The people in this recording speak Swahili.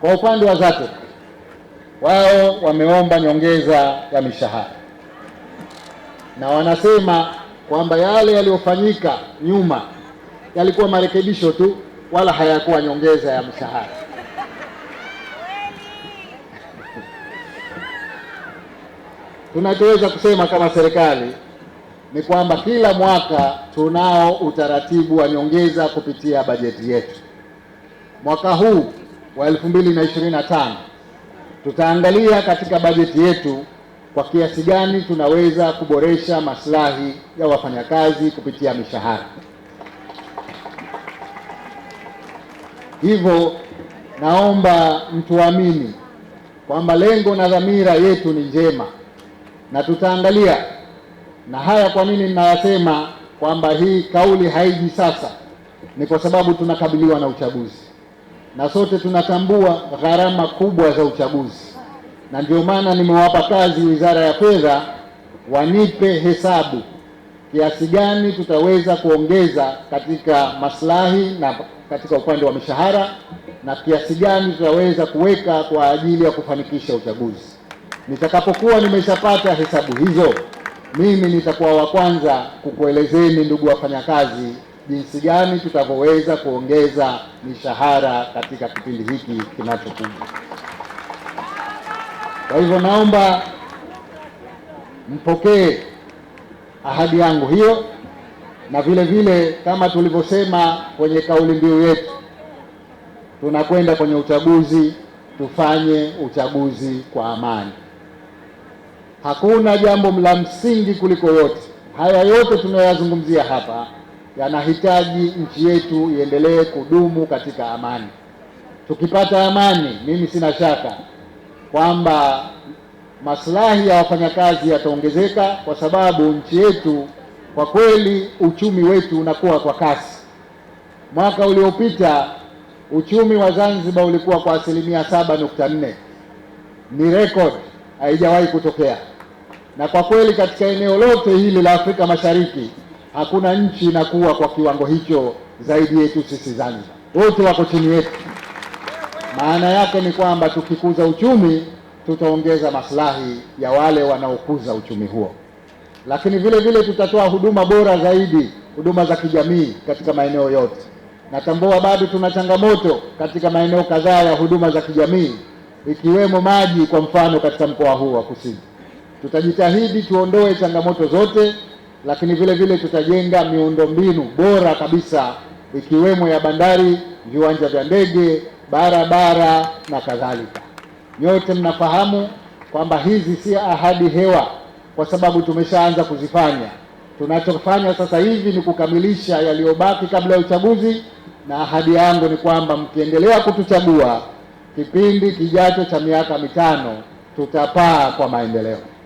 Kwa upande wa zake wao wameomba nyongeza ya mishahara na wanasema kwamba yale yaliyofanyika nyuma yalikuwa marekebisho tu, wala hayakuwa nyongeza ya mshahara. Tunachoweza kusema kama serikali ni kwamba kila mwaka tunao utaratibu wa nyongeza kupitia bajeti yetu. Mwaka huu wa 2025 tutaangalia katika bajeti yetu kwa kiasi gani tunaweza kuboresha maslahi ya wafanyakazi kupitia mishahara. Hivyo naomba mtuamini kwamba lengo na dhamira yetu ni njema na tutaangalia. Na haya kwa nini ninayasema kwamba hii kauli haiji sasa, ni kwa sababu tunakabiliwa na uchaguzi na sote tunatambua gharama kubwa za uchaguzi, na ndio maana nimewapa kazi Wizara ya Fedha wanipe hesabu kiasi gani tutaweza kuongeza katika maslahi na katika upande wa mishahara na kiasi gani tutaweza kuweka kwa ajili ya kufanikisha uchaguzi. Nitakapokuwa nimeshapata hesabu hizo, mimi nitakuwa wa kwanza kukuelezeni, ndugu wafanyakazi, jinsi gani tutavyoweza kuongeza mishahara katika kipindi hiki kinachokuja. Kwa hivyo, naomba mpokee ahadi yangu hiyo, na vile vile kama tulivyosema kwenye kauli mbiu yetu, tunakwenda kwenye uchaguzi, tufanye uchaguzi kwa amani. Hakuna jambo la msingi kuliko yote haya yote tunayoyazungumzia hapa yanahitaji nchi yetu iendelee kudumu katika amani. Tukipata amani, mimi sina shaka kwamba maslahi ya wafanyakazi yataongezeka, kwa sababu nchi yetu kwa kweli uchumi wetu unakuwa kwa kasi. Mwaka uliopita uchumi wa Zanzibar ulikuwa kwa asilimia saba nukta nne ni record, haijawahi kutokea, na kwa kweli katika eneo lote hili la Afrika Mashariki Hakuna nchi inakuwa kwa kiwango hicho zaidi yetu sisi Zanzibar, wote wako chini yetu. Maana yake ni kwamba tukikuza uchumi tutaongeza maslahi ya wale wanaokuza uchumi huo, lakini vile vile tutatoa huduma bora zaidi, huduma za kijamii katika maeneo yote. Natambua bado tuna changamoto katika maeneo kadhaa ya huduma za kijamii ikiwemo maji, kwa mfano katika mkoa huu wa Kusini. Tutajitahidi tuondoe changamoto zote lakini vile vile tutajenga miundombinu bora kabisa ikiwemo ya bandari, viwanja vya ndege, barabara na kadhalika. Nyote mnafahamu kwamba hizi si ahadi hewa, kwa sababu tumeshaanza kuzifanya. Tunachofanya sasa hivi ni kukamilisha yaliyobaki kabla ya uchaguzi, na ahadi yangu ni kwamba mkiendelea kutuchagua, kipindi kijacho cha miaka mitano tutapaa kwa maendeleo.